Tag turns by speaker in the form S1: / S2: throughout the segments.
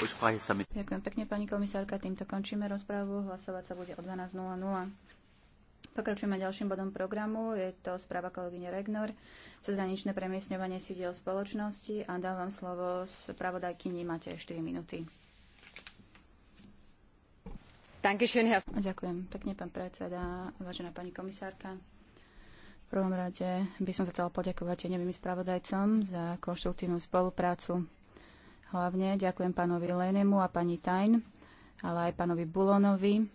S1: Ďakujem pekne, pani komisárka. Týmto končíme rozprávu. Hlasovať sa bude o 12.00. Pokračujeme ďalším bodom programu. Je to správa kolegyne Regnor. cezraničné premiesňovanie sídiel spoločnosti a dávam slovo spravodajkyni. Máte 4 minúty. Ďakujem pekne, pán predseda, vážená pani komisárka. V prvom rade by som sa chcela poďakovať nevým spravodajcom za konštruktívnu spoluprácu hlavne. Ďakujem pánovi Lenemu a pani Tajn, ale aj pánovi Bulonovi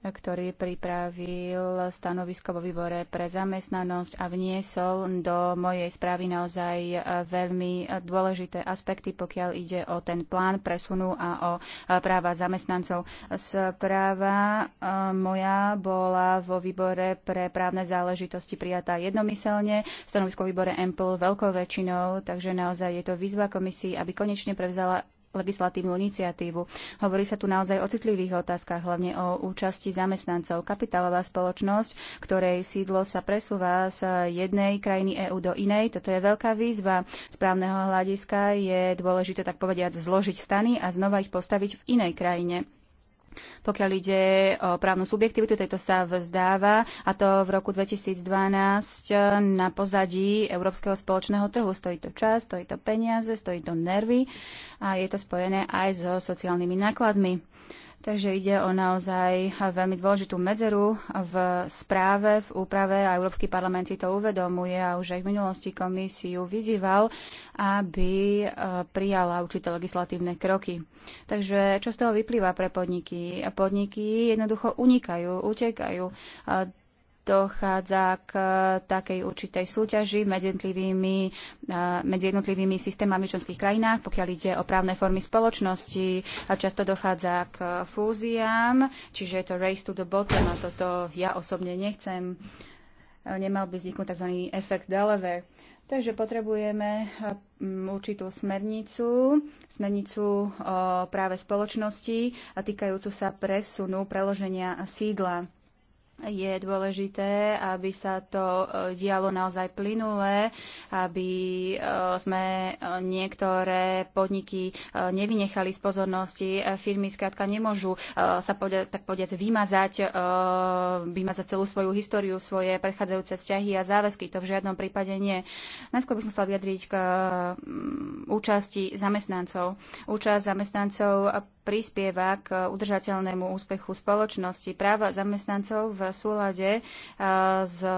S1: ktorý pripravil stanovisko vo výbore pre zamestnanosť a vniesol do mojej správy naozaj e, veľmi dôležité aspekty, pokiaľ ide o ten plán presunu a o e, práva zamestnancov. Správa e, moja bola vo výbore pre právne záležitosti prijatá jednomyselne, stanovisko výbore EMPL veľkou väčšinou, takže naozaj je to výzva komisii, aby konečne prevzala legislatívnu iniciatívu. Hovorí sa tu naozaj o citlivých otázkach, hlavne o účasti zamestnancov. Kapitálová spoločnosť, ktorej sídlo sa presúva z jednej krajiny EÚ do inej, toto je veľká výzva. Z právneho hľadiska je dôležité, tak povediať, zložiť stany a znova ich postaviť v inej krajine. Pokiaľ ide o právnu subjektivitu, tejto sa vzdáva a to v roku 2012 na pozadí Európskeho spoločného trhu. Stojí to čas, stojí to peniaze, stojí to nervy a je to spojené aj so sociálnymi nákladmi. Takže ide o naozaj veľmi dôležitú medzeru v správe, v úprave a Európsky parlament si to uvedomuje a už aj v minulosti komisiu vyzýval, aby e, prijala určité legislatívne kroky. Takže čo z toho vyplýva pre podniky? Podniky jednoducho unikajú, utekajú dochádza k e, takej určitej súťaži medzi jednotlivými, e, medzi jednotlivými systémami v členských krajinách, pokiaľ ide o právne formy spoločnosti. A často dochádza k fúziám, čiže je to race to the bottom a toto ja osobne nechcem. E, nemal by vzniknúť tzv. efekt Delaware. Takže potrebujeme určitú smernicu, smernicu práve spoločnosti a týkajúcu sa presunu, preloženia sídla je dôležité, aby sa to e, dialo naozaj plynule, aby e, sme e, niektoré podniky nevynechali z pozornosti. Firmy skrátka nemôžu sa podia, tak podiať vymazať, vymazať celú svoju históriu, svoje prechádzajúce vzťahy a záväzky. To v žiadnom prípade nie. Najskôr by som sa vyjadriť k mm, účasti zamestnancov. Účasť zamestnancov prispieva k udržateľnému úspechu spoločnosti. Práva zamestnancov v súlade eh, s eh,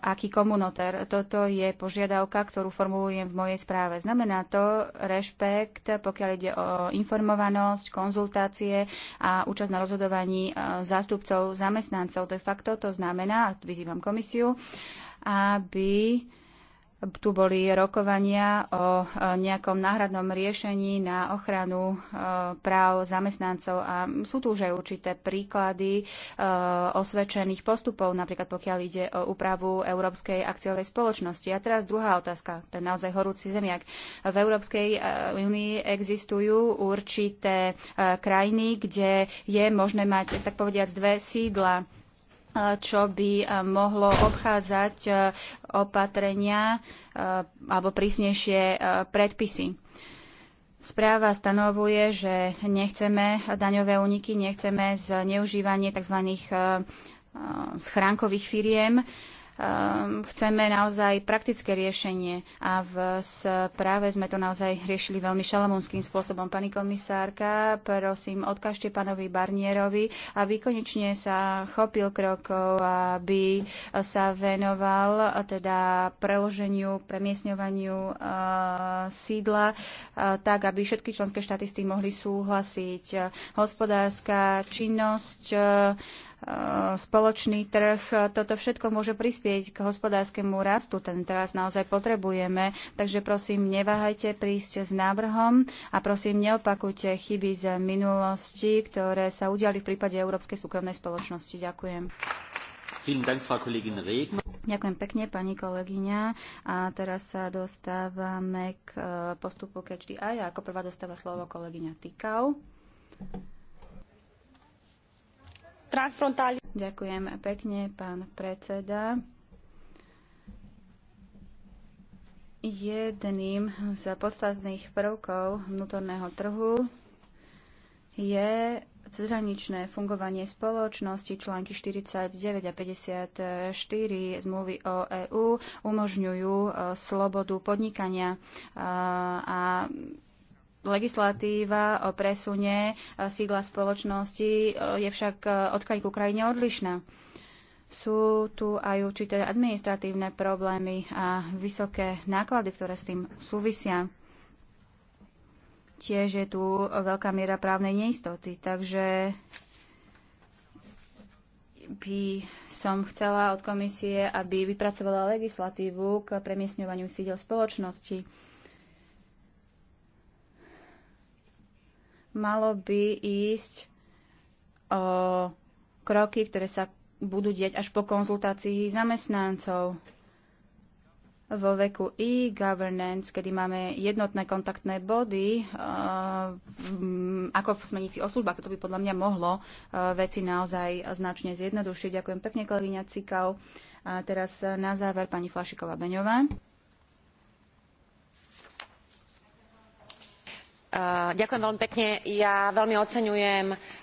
S1: aký komunotér. Toto je požiadavka, ktorú formulujem v mojej správe. Znamená to rešpekt, pokiaľ ide o informovanosť, konzultácie a účasť na rozhodovaní eh, zástupcov zamestnancov. De facto to znamená, vyzývam komisiu, aby tu boli rokovania o e, nejakom náhradnom riešení na ochranu e, práv zamestnancov a sú tu už aj určité príklady e, osvedčených postupov, napríklad pokiaľ ide o úpravu Európskej akciovej spoločnosti. A teraz druhá otázka, ten naozaj horúci zemiak. V Európskej únii existujú určité krajiny, kde je možné mať, tak povediať, dve sídla čo by mohlo obchádzať opatrenia alebo prísnejšie predpisy. Správa stanovuje, že nechceme daňové úniky, nechceme zneužívanie tzv. schránkových firiem Ehm, chceme naozaj praktické riešenie a v správe sme to naozaj riešili veľmi šalamúnským spôsobom. Pani komisárka, prosím, odkažte pánovi Barnierovi, a výkonečne sa chopil krokov, aby sa venoval teda preloženiu, premiesňovaniu uh, sídla uh, tak, aby všetky členské štáty s tým mohli súhlasiť. Hospodárska činnosť uh, E, spoločný trh. Toto všetko môže prispieť k hospodárskemu rastu, ten teraz naozaj potrebujeme. Takže prosím, neváhajte prísť s návrhom a prosím, neopakujte chyby z minulosti, ktoré sa udiali v prípade Európskej súkromnej spoločnosti. Ďakujem. Ďakujem pekne, pani kolegyňa. A teraz sa dostávame k e, postupu KHDI. Ako prvá dostáva slovo kolegyňa Tikau transfrontálnych. Ďakujem pekne, pán predseda. Jedným z podstatných prvkov vnútorného trhu je cezhraničné fungovanie spoločnosti články 49 a 54 zmluvy o EÚ umožňujú e, slobodu podnikania a Legislatíva o presune e, sídla spoločnosti e, je však e, od krajiny ku krajine odlišná. Sú tu aj určité administratívne problémy a vysoké náklady, ktoré s tým súvisia. Tiež je tu veľká miera právnej neistoty, takže by som chcela od komisie, aby vypracovala legislatívu k premiesňovaniu sídel spoločnosti Malo by ísť o kroky, ktoré sa budú diať až po konzultácii zamestnancov vo veku e-governance, kedy máme jednotné kontaktné body, e, ako v smenici o službách, to by podľa mňa mohlo e, veci naozaj značne zjednodušiť. Ďakujem pekne, kolegyňa Cikau. A teraz na záver pani Flašiková Beňová.
S2: ďakujem veľmi pekne ja veľmi oceňujem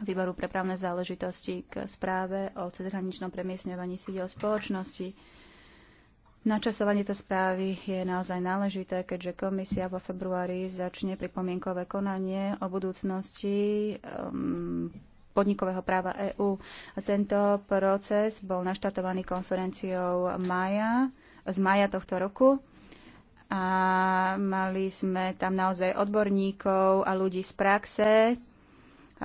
S1: výboru pre právne záležitosti k správe o cezhraničnom premiesňovaní sídel spoločnosti. Načasovanie tej správy je naozaj náležité, keďže komisia vo februári začne pripomienkové konanie o budúcnosti um, podnikového práva EÚ. Tento proces bol naštartovaný konferenciou maja, z maja tohto roku a mali sme tam naozaj odborníkov a ľudí z praxe,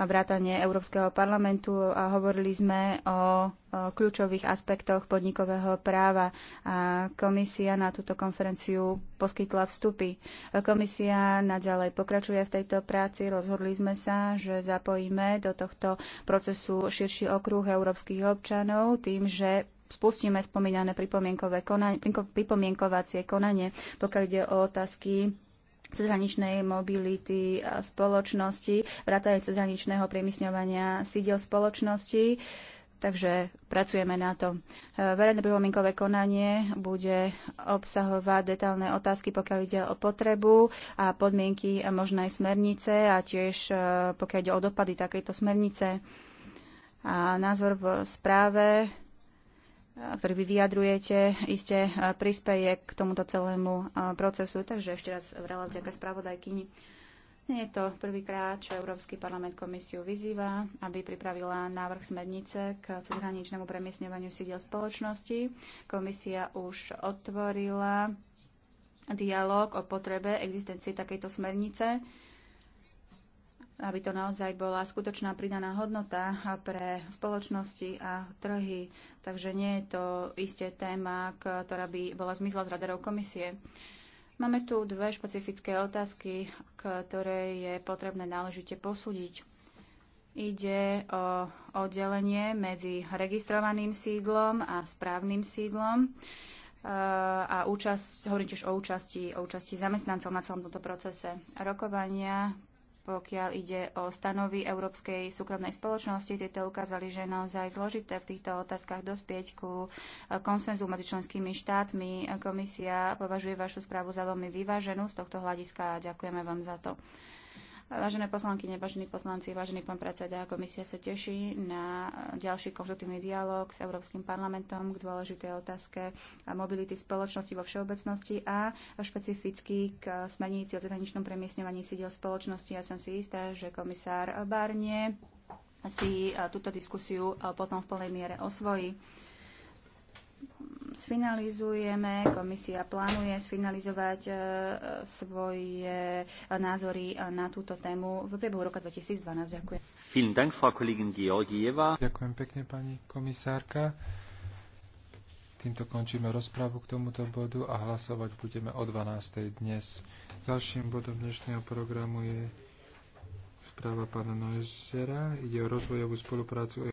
S1: vrátane Európskeho parlamentu a hovorili sme o kľúčových aspektoch podnikového práva. A komisia na túto konferenciu poskytla vstupy. Komisia naďalej pokračuje v tejto práci. Rozhodli sme sa, že zapojíme do tohto procesu širší okruh európskych občanov tým, že spustíme spomínané pripomienkové konanie, pripomienkovacie konanie, pokiaľ ide o otázky cezhraničnej mobility spoločnosti, vrátane cezhraničného priemysňovania sídel spoločnosti. Takže pracujeme na to. E, verejné pripomienkové konanie bude obsahovať detailné otázky, pokiaľ ide o potrebu a podmienky možnej smernice a tiež e, pokiaľ ide o dopady takejto smernice. A názor v správe ktorý vy vyjadrujete, iste e, prispeje k tomuto celému e, procesu. Takže ešte raz veľa vďaka spravodajkyni. Nie je to prvýkrát, čo Európsky parlament komisiu vyzýva, aby pripravila návrh smernice k cezhraničnému premiesňovaniu sídiel spoločnosti. Komisia už otvorila dialog o potrebe existencie takejto smernice aby to naozaj bola skutočná pridaná hodnota pre spoločnosti a trhy. Takže nie je to isté téma, ktorá by bola zmizla z radarov komisie. Máme tu dve špecifické otázky, ktoré je potrebné náležite posúdiť. Ide o oddelenie medzi registrovaným sídlom a správnym sídlom a účasť, hovorím tiež o účasti, o účasti zamestnancov na celom tomto procese. Rokovania pokiaľ ide o stanovy Európskej súkromnej spoločnosti. Tieto ukázali, že je naozaj zložité v týchto otázkach dospieť ku e, konsenzu medzi členskými štátmi. Komisia považuje vašu správu za veľmi vyváženú z tohto hľadiska a ďakujeme vám za to. Vážené poslanky, nevážení poslanci, vážený pán predseda, komisia sa teší na ďalší konštruktívny dialog s Európskym parlamentom k dôležitej otázke mobility spoločnosti vo všeobecnosti a špecificky k smernici o zahraničnom premiesňovaní sídiel spoločnosti. Ja som si istá, že komisár Barnie si túto diskusiu potom v plnej miere osvojí sfinalizujeme. Komisia plánuje sfinalizovať e, svoje názory na túto tému v priebehu roka 2012. Ďakujem.
S2: Ďakujem pekne, pani komisárka. Týmto končíme rozprávu k tomuto bodu a hlasovať budeme o 12. dnes. Ďalším bodom dnešného programu je správa pána Nožera. Ide o rozvojovú spoluprácu